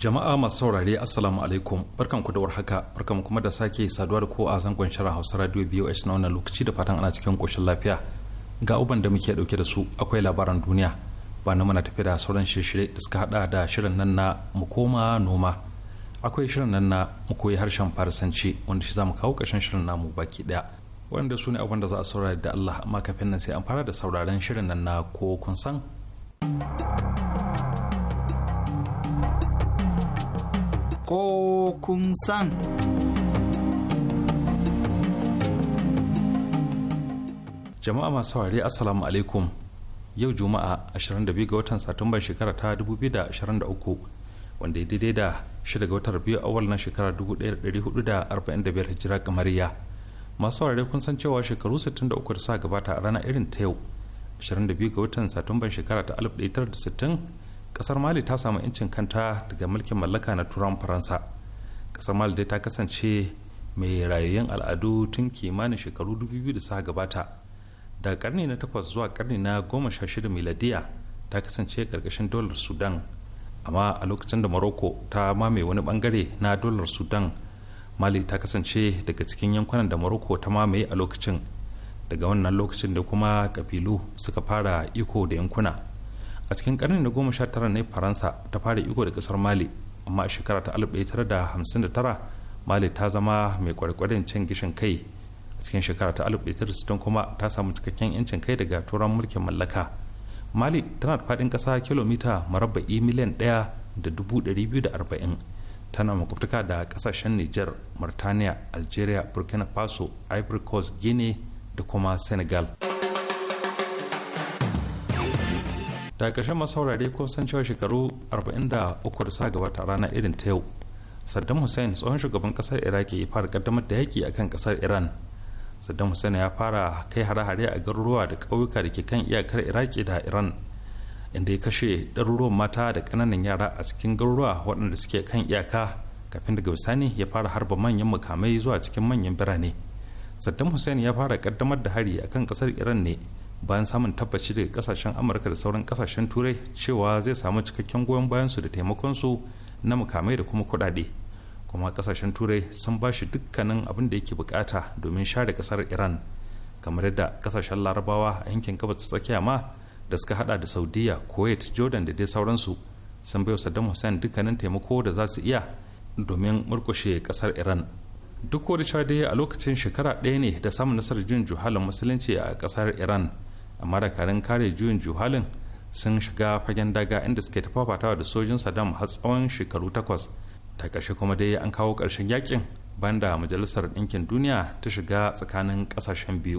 jama'a masu saurare assalamu alaikum barkan ku da warhaka barkan kuma da sake saduwa da ko a zangon shirin hausa radio bos na wannan lokaci da fatan ana cikin koshin lafiya ga uban da muke dauke da su akwai labaran duniya ba na muna tafi da sauran shirye-shirye da suka hada da shirin nan na mu koma noma akwai shirin nan na mu koyi harshen farisanci wanda shi zamu kawo ƙarshen shirin namu baki daya wanda su ne abin da za a saurari da Allah amma kafin nan sai an fara da sauraron shirin nan na ko kun san. ko kun san. Jama'a masu ware Assalamu alaikum yau Juma'a 22 ga watan Satumban shekara ta 2023 wanda ya daidai da 6 ga watan biyu awal na shekara 1445 hijira kamariya. Masu ware kun san cewa shekaru 63 da suka gabata a rana irin ta yau 22 ga watan Satumban shekara ta 1960 kasar mali ta samu 'yancin kanta daga mulkin mallaka na turan faransa kasar mali dai ta kasance mai rayayyun al'adu tun kimanin shekaru 2000 da suka gabata daga karni na 8 zuwa karni na goma sha shida miladiya ta kasance karkashin dolar sudan amma a lokacin da morocco ta mame wani bangare na dolar sudan mali ta kasance daga cikin yankunan da morocco ta mamaye a lokacin daga wannan lokacin da kuma kabilu suka fara iko da yankuna a cikin karni na goma sha tara ne faransa ta fara iko da kasar mali amma a shekara ta alif tara da hamsin da tara mali ta zama mai kwarkwarin cin gishin kai a cikin shekara ta alif tara kuma ta samu cikakken yancin kai daga turan mulkin mallaka mali tana da faɗin ƙasa kilomita marabba'i miliyan ɗaya da dubu ɗari biyu da arba'in tana makwabtaka da ƙasashen niger mauritania algeria burkina faso ivory coast guinea da kuma senegal da ƙarshen masaurari ko san cewa shekaru 43 da suka gabata rana irin ta yau saddam hussein tsohon shugaban ƙasar iraki ya fara kaddamar da yaƙi akan ƙasar iran saddam hussein ya fara kai hare-hare a garuruwa da ƙauyuka da ke kan iyakar iraki da iran inda ya kashe ɗaruruwan mata da ƙananan yara a cikin garuruwa waɗanda suke kan iyaka kafin daga bisani ya fara harba manyan mukamai zuwa cikin manyan birane saddam hussein ya fara kaddamar da hari akan ƙasar iran ne bayan samun tabbaci daga kasashen amurka da sauran kasashen turai cewa zai samu cikakken goyon bayansu da taimakonsu na mukamai da kuma kudade kuma kasashen turai sun ba shi dukkanin abin da yake bukata domin share kasar iran kamar yadda kasashen larabawa a yankin gabas tsakiya ma da suka hada da saudiya kuwait jordan da dai sauransu sun bai saddam hussein dukkanin taimako da za su iya domin murkushe kasar iran duk wani dai a lokacin shekara ɗaya ne da samun nasarar jin juhalin musulunci a kasar iran marakarin kare juyin juhalin sun shiga fagen daga inda suke tafafatawa da sojin saddam har tsawon shekaru takwas ta ƙarshe kuma dai an kawo ƙarshen yakin banda majalisar ɗinkin duniya ta shiga tsakanin ƙasashen biyu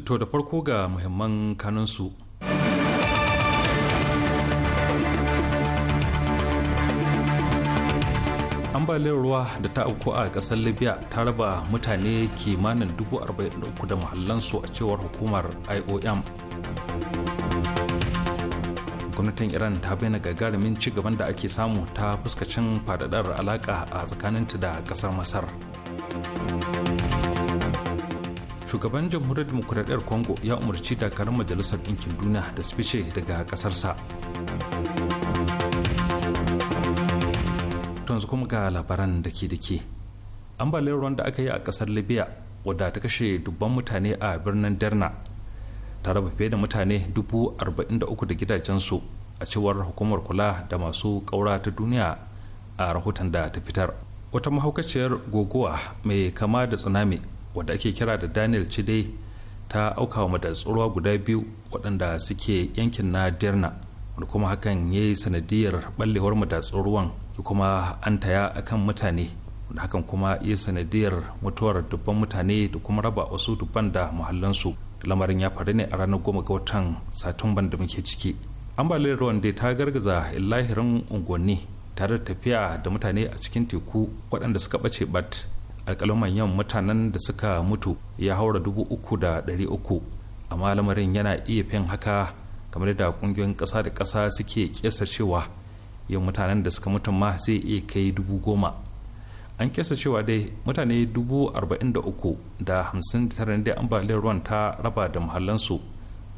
To da farko ga muhimman kanunsu. ambaliyar ruwa da ta auku a kasar libya ta raba mutane kimanin 43,000 da muhallansu a cewar hukumar iom gwamnatin iran ta bayyana gagarumin ci gaban da ake samu ta fuskacin fadadar alaka a tsakaninta da kasar masar shugaban jamhuriyar demokuraɗiyar congo ya umarci dakarun majalisar ɗinkin duniya da su fice daga ƙasarsa yanzu kuma ga labaran da ke da ke ambaliyar ruwan da aka yi a ƙasar libya wadda ta kashe dubban mutane a birnin derna ta raba fiye da mutane dubu arba'in da uku da gidajensu a cewar hukumar kula da masu ƙaura ta duniya a rahoton da ta fitar wata mahaukaciyar guguwa mai kama da tsunami wadda ake kira da daniel chide ta auka wa matatsuruwa guda biyu waɗanda suke yankin na derna wanda kuma hakan ya yi sanadiyar ɓallewar matatsuruwan kuma an taya kan mutane wanda hakan kuma ya yi sanadiyar mutuwar dubban mutane da kuma raba wasu dubban da muhallansu lamarin ya faru ne a ranar goma ga watan satumban da muke ciki ambaliyar ruwan dai ta gargaza lahirin unguwanni tare da tafiya da mutane a cikin teku waɗanda suka ɓace bat alkalaman yawan mutanen da suka mutu ya haura dubu uku da ɗari uku amma lamarin yana iya fin haka kamar da ƙungiyoyin ƙasa da ƙasa suke ƙesa cewa yawan mutanen da suka mutu ma zai iya kai dubu goma an kesa cewa dai mutane dubu arba'in da uku da hamsin da tara da ambaliyar ruwan ta raba da muhallansu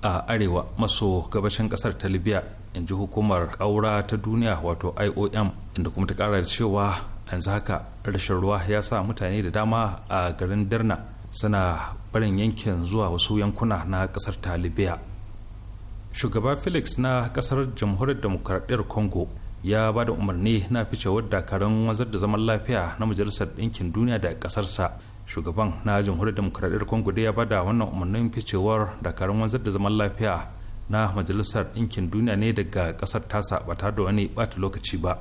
a arewa maso gabashin ƙasar ta libya in ji hukumar ƙaura ta duniya wato iom inda kuma ta kara cewa yanzu haka rashin ruwa ya sa mutane da dama a garin darna suna barin yankin zuwa wasu yankuna na kasar talibiya shugaba felix na kasar jamhuriyar demokradiyar congo ya ba da umarni na ficewar dakarun wanzar da zaman lafiya na majalisar ɗinkin duniya da kasarsa shugaban na jamhuriyar demokradiyar congo ya ba da wannan umarnin ficewar dakarun wanzar da zaman lafiya na majalisar ɗinkin duniya ne daga ƙasar tasa ba tare da wani ɓata lokaci ba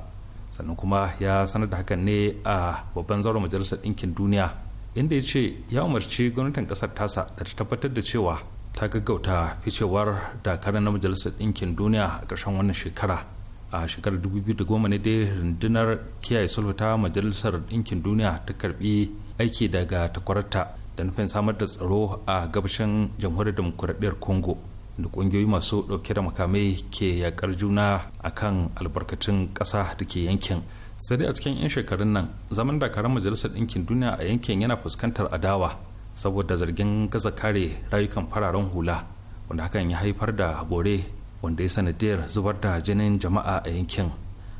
sannan kuma ya sanar da hakan ne a babban zauren majalisar ɗinkin duniya inda ya ce ya umarci gwamnatin ƙasar tasa da ta tabbatar da cewa ta gaggauta ficewar dakarar na majalisar ɗinkin duniya a ƙarshen wannan shekara a shekarar 2010 ne dai rundunar kiyaye sulhu ta majalisar ɗinkin duniya ta karbi aiki daga takwararta da nufin samar da tsaro a gabashin jamhuriyar demokuraɗiyar congo da kungiyoyi masu dauke da makamai ke yakar juna a kan albarkatun ƙasa da ke yankin sai dai a cikin 'yan shekarun nan zaman dakarar majalisar ɗinkin duniya a yankin yana fuskantar adawa saboda zargin gaza kare rayukan fararen hula wanda hakan ya haifar da bore wanda ya sanadiyar zubar da jinin jama'a a yankin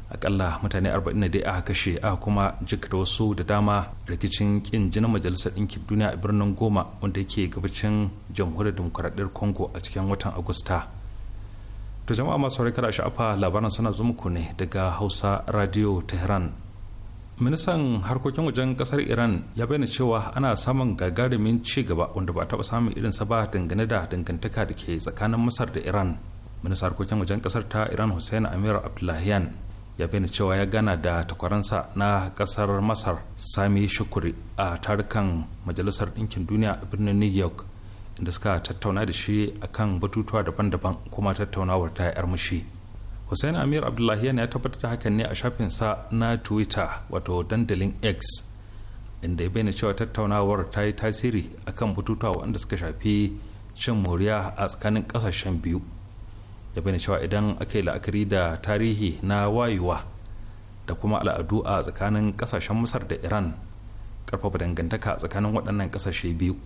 akalla mutane arba'in 40 dai aka kashe aka kuma da wasu da dama rikicin kin jinin majalisar ɗinkin duniya a birnin goma wanda yake gabacin jamhuriyar demokuraɗiyar congo a cikin watan agusta to jama'a masu kada sha'afa labaran suna zo muku ne daga hausa radio tehran ministan harkokin wajen kasar iran ya bayyana cewa ana samun gagarumin ci gaba wanda ba a taɓa samun sa ba dangane da dangantaka da ke tsakanin masar da iran ministan harkokin wajen kasar ta iran hussein amir abdullahian ya bayyana cewa ya gana da takwaransa na kasar masar sami shukuri a tarukan majalisar ɗinkin duniya a birnin new york inda suka tattauna da shi akan batutuwa daban-daban kuma tattaunawar ta yi mushi hussein amir abdullahi ya tabbatar da hakan ne a shafinsa na twitter wato dandalin x inda ya bayyana cewa tattaunawar ta yi tasiri akan batutuwa wanda suka shafi cin moriya a tsakanin ƙasashen biyu ya bane cewa idan aka yi la'akari da tarihi na wayewa da kuma al'adu a tsakanin kasashen masar da iran karfafa dangantaka tsakanin waɗannan kasashe biyu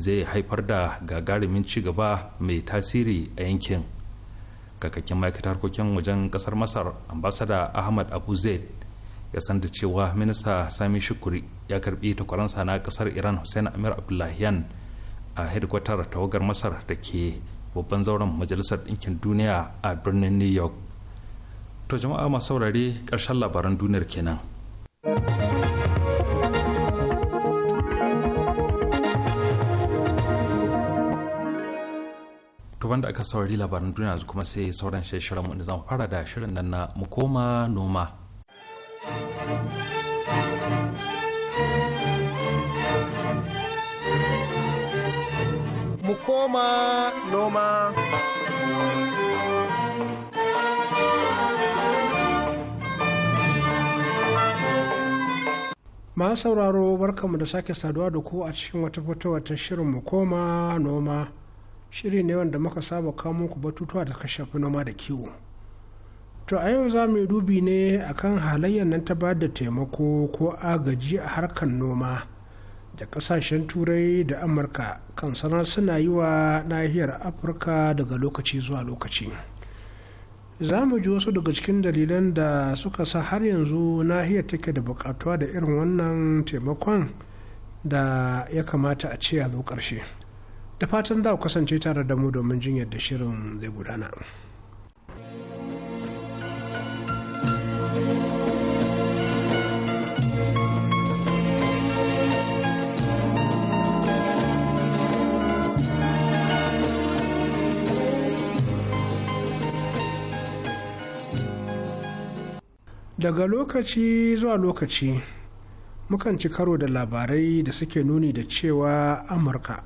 zai haifar da gagarumin ci gaba mai tasiri a yankin kakakin ma'aikatar harkokin wajen kasar masar ambasada ahmad abu zaid ya san da cewa minista sami shukuri ya karbi takwaransa na kasar iran hussein amir abdullahiyan a hedkwatar tawagar masar da ke babban zauren majalisar ɗinkin duniya a birnin new york to jama'a masu saurare ƙarshen labaran duniyar kenan tuban da aka saurari labaran duniya kuma sai sauran shirin mu da zan fara da shirin nan na mu koma noma koma noma. Ma sauraro barkamu da sake saduwa da ku a cikin wata fitowa ta shirin mu koma noma. Shiri ne wanda muka saba kawo muku batutuwa da ka shafi noma da kiwo. To a yau za mu yi dubi ne akan halayyar nan ta ba da taimako ko agaji a harkar noma. da kasashen turai da amurka kan sana suna yi wa nahiyar afirka daga lokaci zuwa lokaci za mu ji wasu daga cikin dalilan da suka sa har yanzu nahiyar take da bukatuwa da irin wannan taimakon da ya kamata a ce a zo ƙarshe da fatan za ku kasance tare da mu domin jin yadda shirin zai gudana. daga lokaci zuwa lokaci mukan ci karo da labarai da suke nuni da cewa amurka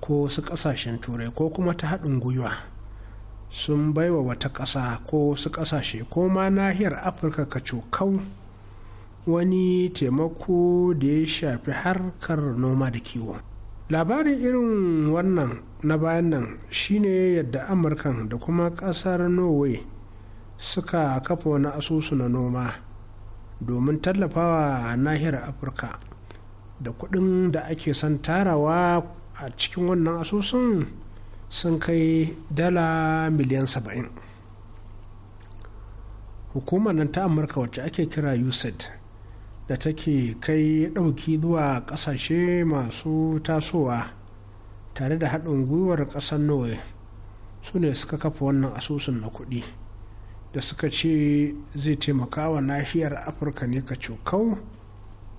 ko su kasashen turai ko kuma ta haɗin gwiwa sun baiwa wata ƙasa ko su ƙasashe ko ma nahiyar afirka ka cokau wani taimako da ya shafi harkar noma da kiwo labarin irin wannan na bayan nan shine yadda amurkan da kuma ƙasar norway suka kafa wani asusu na noma domin tallafawa nahiyar afirka da kuɗin da ake son tarawa a cikin wannan asusun sun kai dala miliyan saba'in hukumar nan ta amurka wacce ake kira usaid da take kai ɗauki zuwa ƙasashe masu tasowa tare da haɗin gwiwar ƙasar norway su ne suka kafa wannan asusun na kuɗi da suka ce zai taimaka wa nahiyar afirka ne ka cokau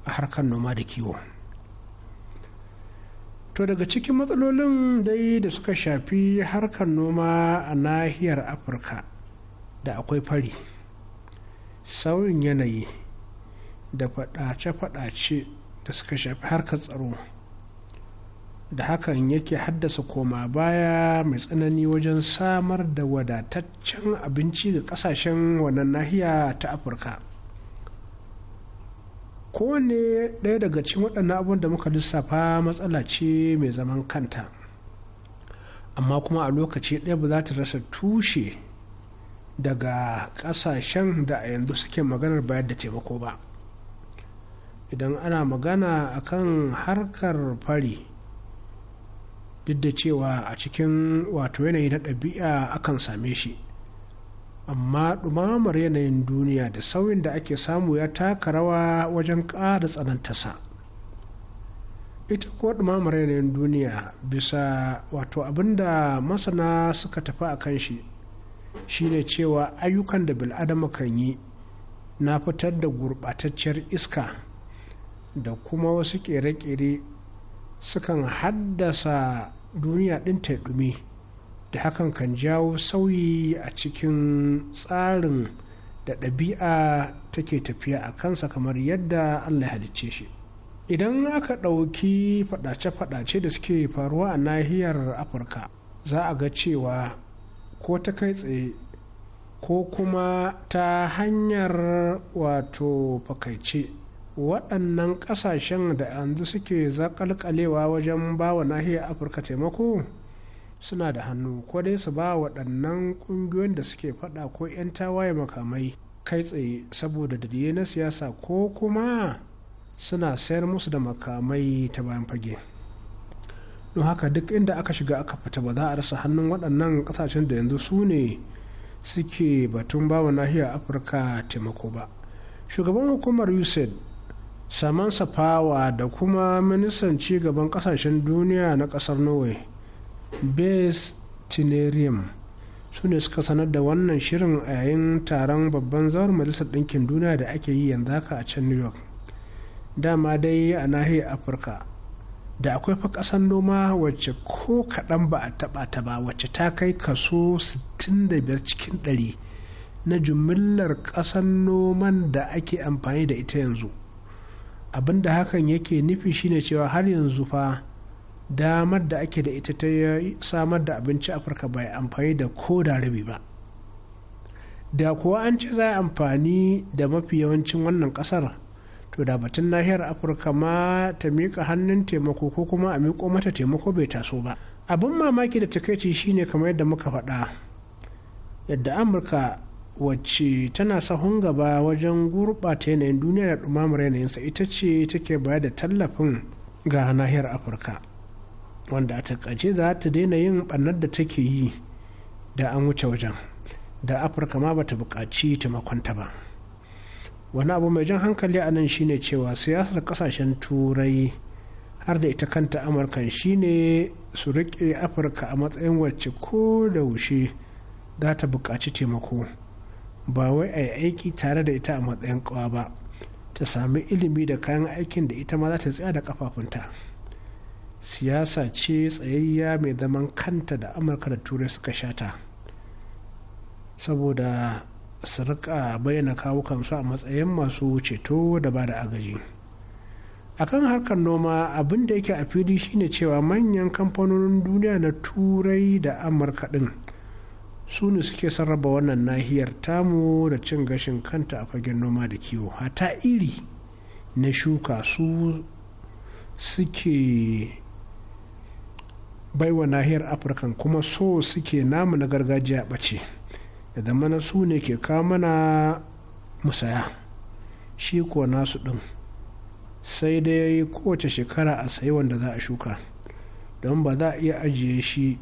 a harkar noma da kiwo to daga cikin matsalolin dai da suka shafi harkar noma a nahiyar afirka da akwai fari sauyin yanayi da faɗace-faɗace da suka shafi harkar tsaro da hakan yake haddasa koma baya mai tsanani wajen samar da wadataccen abinci ga kasashen wannan nahiya ta afirka kowane ɗaya daga cikin waɗannan abubuwan da muka lissafa matsala ce mai zaman kanta amma kuma a lokaci ɗaya ba za ta rasa tushe daga ƙasashen da a yanzu suke maganar bayar da taimako ba idan ana magana akan harkar fari duk da cewa a cikin wato yanayi na ɗabi'a akan same shi amma ɗumamar yanayin duniya da sauyin da ake samu ya taka rawa wajen ƙara tsanantasa ita ko ɗumamar yanayin duniya bisa wato abinda masana suka tafi a kan shi shine cewa ayyukan da bil'adama kan yi na fitar da gurɓatacciyar iska da kuma wasu ƙere-ƙere sukan haddasa duniya ɗin ta ɗumi da hakan kan jawo sauyi a cikin tsarin da ɗabi'a take tafiya a kansa kamar yadda allah halicce shi idan aka ɗauki faɗace-faɗace da suke faruwa a nahiyar afirka za a ga cewa ko ta kai tsaye ko kuma ta hanyar wato fakaice waɗannan ƙasashen da yanzu suke zaƙalƙalewa wajen ba wa nahiyar afirka taimako suna da hannu ko dai su ba waɗannan ƙungiyoyin da suke faɗa ko 'yan tawaye makamai kai tsaye saboda dalilai na siyasa ko kuma suna sayar musu da makamai ta bayan fage don haka duk inda aka shiga aka fita ba za a rasa hannun waɗannan ƙasashen da yanzu su ne suke batun bawa nahiyar afirka taimako ba shugaban hukumar usaid samansa fawa da kuma ministan cigaban kasashen duniya na kasar norway base tinerium su ne suka sanar da wannan shirin a yayin taron babban zawar majalisar ɗinkin duniya da ake yi yanzu haka a can new york dama dai a nahiyar afirka da akwai fa ƙasar noma wacce ko kaɗan ba a taɓa ta ba wacce ta kai kaso 65 cikin 100 na jumillar ƙasan noman da ake amfani da ita yanzu abinda hakan yake nufi shine cewa har yanzu fa damar da ake da ita ta samar da abinci afirka bai amfani da ko da rabi ba da kuwa an ce za a amfani da mafi yawancin wannan kasar to da batun nahiyar afirka ma ta miƙa hannun taimako ko kuma a miƙo mata taimako bai taso ba abin mamaki da takaici shine kamar yadda muka faɗa yadda amurka wacce tana sahun gaba wajen gurɓata yanayin duniya da ɗumamar yanayinsa ita ce take bayar da tallafin ga nahiyar afirka wanda a takaice za ta daina yin ɓannar da take yi da an wuce wajen da afirka ma bata buƙaci taimakonta ba wani abu mai jan hankali a nan shine cewa siyasar ƙasashen turai har da ita kanta amurka shine su riƙe afirka a matsayin wacce ko da wushe za ta buƙaci taimako ba wai a yi aiki tare da ita a matsayin kawa ba ta sami ilimi da kayan aikin da ita ma za ta tsaya da kafafunta siyasa ce tsayayya mai zaman kanta da amurka da turai suka shata saboda su rika bayyana kawo kansu a matsayin masu ceto da ba da agaji akan harkar noma abinda da yake a fili shine cewa manyan kamfanonin duniya na turai da amurka din su ne suke sarrafa wannan nahiyar tamu da cin gashin kanta a fagen noma da kiwo hata iri na shuka su suke baiwa nahiyar afirka kuma so suke namu na gargajiya bace da zamana su ne ke kamana musaya shi kuwa nasu ɗin sai dai kowace shekara a sayi wanda za a shuka don ba za a iya ajiye shi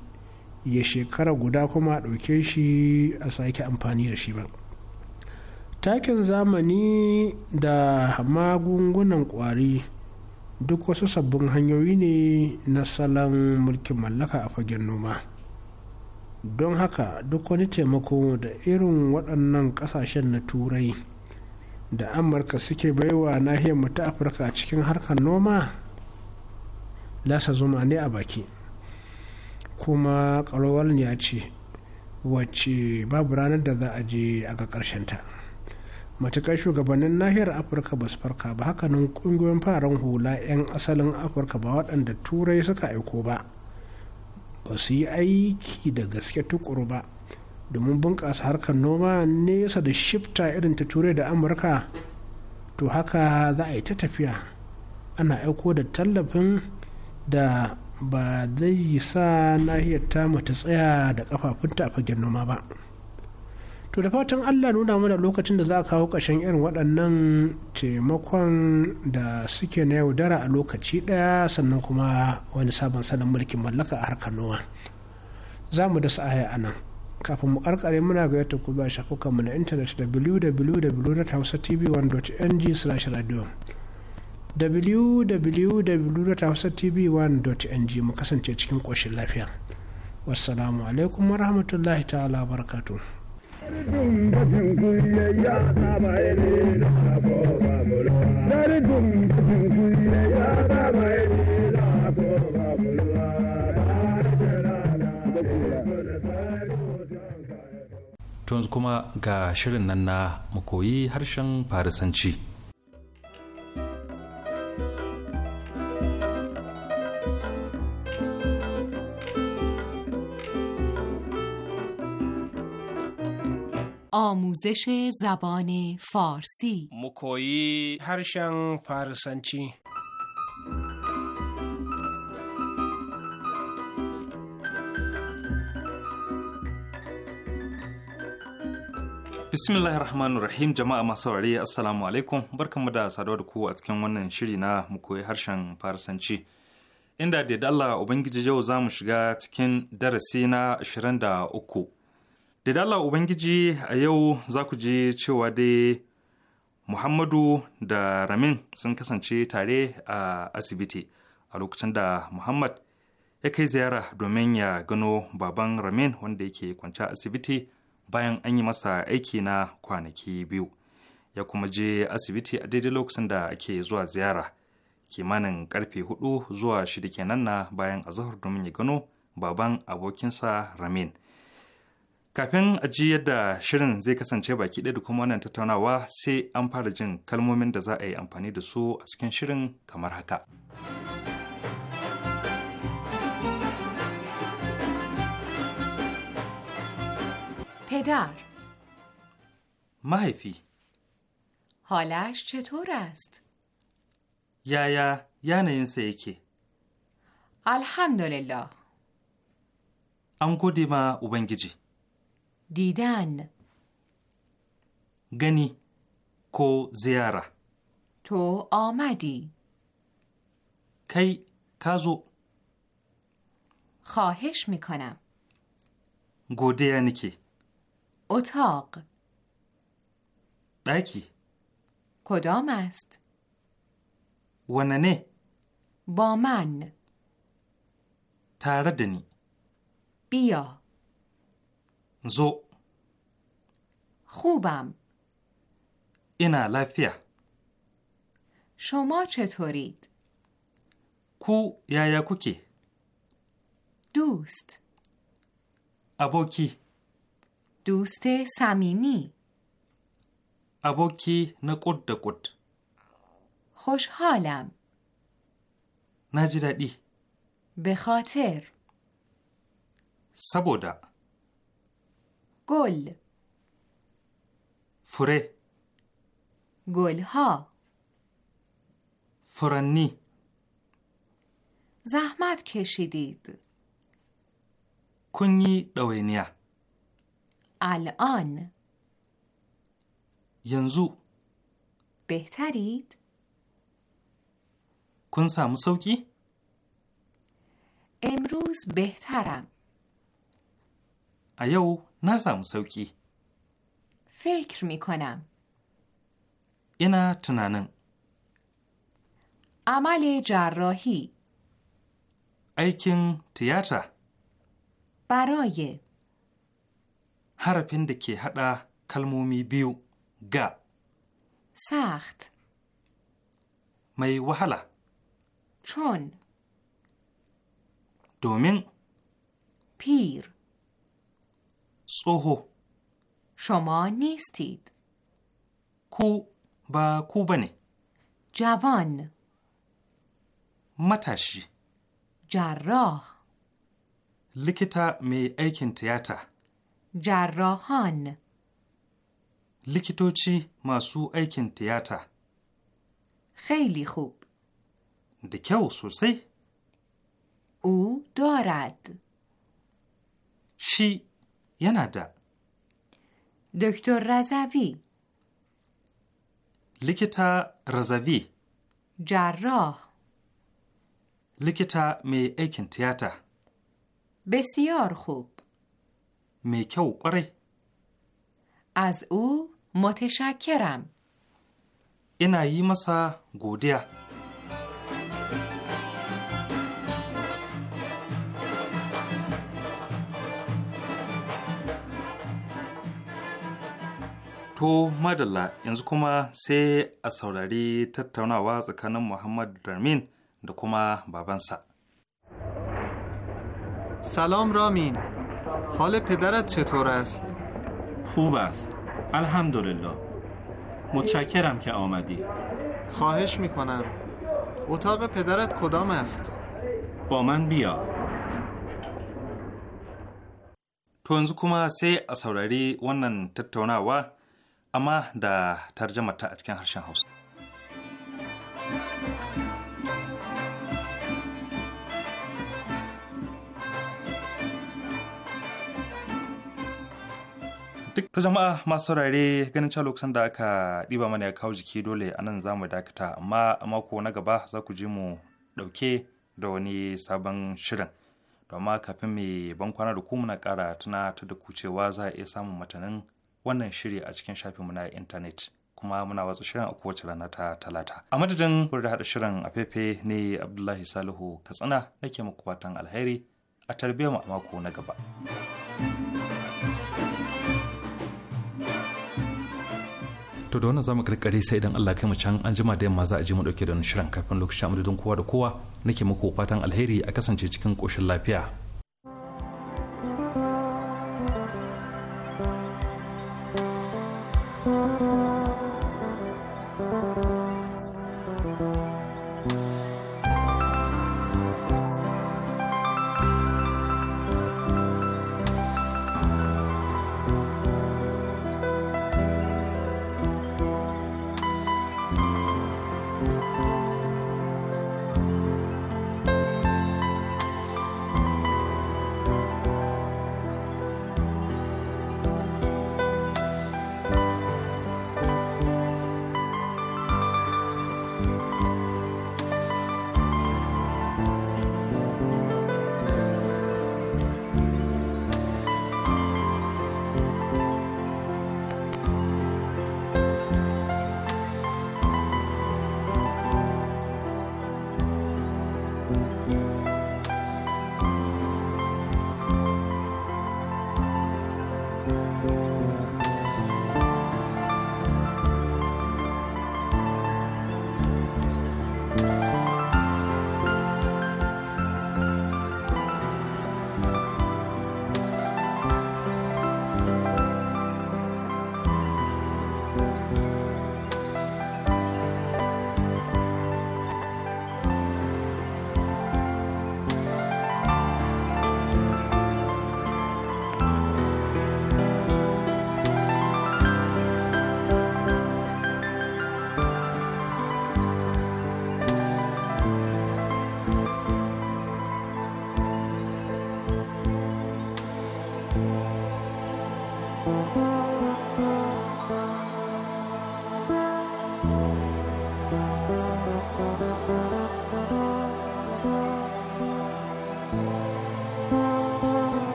ya shekara guda kuma a ɗauke shi a sake amfani da shi ba takin zamani da magungunan ƙwari duk wasu sabbin hanyoyi ne na salon mulkin mallaka a fagen noma don haka duk wani taimako da irin waɗannan ƙasashen na turai da amurka suke baiwa nahiyar mu ta afirka cikin harkar noma lasa zuma ne a baki kuma ya ce wacce babu ranar da za a je a ga ta matuƙar shugabannin nahiyar afirka ba su farka ba hakanan ƙungiyoyin fararen hula 'yan asalin afirka ba waɗanda turai suka aiko ba ba su yi aiki da gaske tukuru ba domin bunƙasa harkar noma nesa da shifta irin ta turai da amurka to haka za a yi ta tafiya ana aiko da tallafin da ba zai sa nahiyar tamu ta tsaya da kafafunta a fagen noma ba to da fatan allah nuna mana lokacin da za a kawo ƙashin irin waɗannan taimakon da suke na yaudara a lokaci ɗaya sannan kuma wani sabon sanin mulkin mallaka a harkar noma za mu da sa'aya a nan kafin mu karkare muna ga yadda ku ba shafukanmu na intanet www.hausatv1.ng/radio www.hausatv1.ng mu kasance cikin ƙoshin lafiya wassalamu alaikum rahmatullahi ta'ala barakatu To kuma ga shirin nan na mu koyi harshen Farisanci. آموزش زبان فارسی مکویی هرشن فارسنچی bismillahir rahmanir rahim jama'a masu saurare assalamu alaikum barkanmu da saduwa da ku a cikin wannan shiri na mu koyi harshen farisanci inda da Allah ubangiji yau za mu shiga cikin darasi na 23 da dala ubangiji a yau za ku ji cewa dai muhammadu da ramin sun kasance tare a asibiti a lokacin da muhammad ya kai ziyara domin ya gano baban ramin wanda yake kwanci a asibiti bayan an yi masa aiki na kwanaki biyu ya kuma je asibiti a daidai lokacin da ake zuwa ziyara kimanin karfe hudu zuwa shida kenan na bayan azahar domin ya gano baban abokinsa ramin Kafin aji yadda shirin zai kasance baki ɗaya da kuma wannan tattaunawa sai an fara jin kalmomin da za a yi amfani da su a cikin shirin kamar haka. پدر Mahaifi. حالش چطور است؟ یا یا یا این سیکی الحمدلله ام گودی ما اوبنگیجی دیدن گنی کو زیاره تو آمدی کی کازو خواهش میکنم گوده یعنی که اتاق دکی کدام است وننه با من تردنی بیا زو خوبم. اینا لافیه. شما چطورید؟ کو یا یا کوکی؟ دوست. ابوکی. دوست صمیمی. ابوکی نکود دکود. خوشحالم. نجردی. به خاطر. سبودا. گل. فره گلها فرنی زحمت کشیدید کنی دوینیا. الان ینزو بهترید؟ کن سامو سوکی؟ امروز بهترم ایو نه سامو سوکی فکر می کنم اینا تنانن عمل جراحی ایکن تیاتر برای پند که حدا کلمومی بیو گا سخت می وحلا چون دومین پیر سوهو شما نیستید کو با کو بنه جوان متشی جراح لکتا می ایکن تیاتا جراحان لیکیتوچی ماسو ایکن تیاتا خیلی خوب و سوسی او دارد شی ینادا دکتر رضوی لیکتا رزوی جراح لکتا می ایکن تیاتا بسیار خوب می کو قره از او متشکرم این یی مسا گودیا تو madalla yanzu kuma sai a saurari tattaunawa tsakanin Muhammad Ramin da kuma سلام رامین حال پدرت چطور است؟ خوب است الحمدلله متشکرم که آمدی خواهش میکنم اتاق پدرت کدام است؟ با من بیا تو انزو کما سی اصوراری ونن تتوناوا amma da tarjamata a cikin harshen hausa duk da jama'a masu saurare ganin cewa lokacin da aka ɗiba mana ya kawo jiki dole a nan za mu dakata amma a mako na gaba za ku ji mu ɗauke da wani sabon shirin domin kafin mai ban kwana da ku na ƙara tana ta da ku cewa za a iya samun matanin wannan shiri a cikin shafinmu na intanet kuma muna watsa shirin a kowace rana ta talata a madadin wurin haɗa shirin a fefe ne abdullahi salihu katsina nake muku fatan alheri a tarbiyyar mu a mako na gaba. to da wannan zamu karkare sai idan Allah kai mu can an jima da yamma za a ji mu dauke da shirin kafin lokacin amadadin kowa da kowa nake muku fatan alheri a kasance cikin koshin lafiya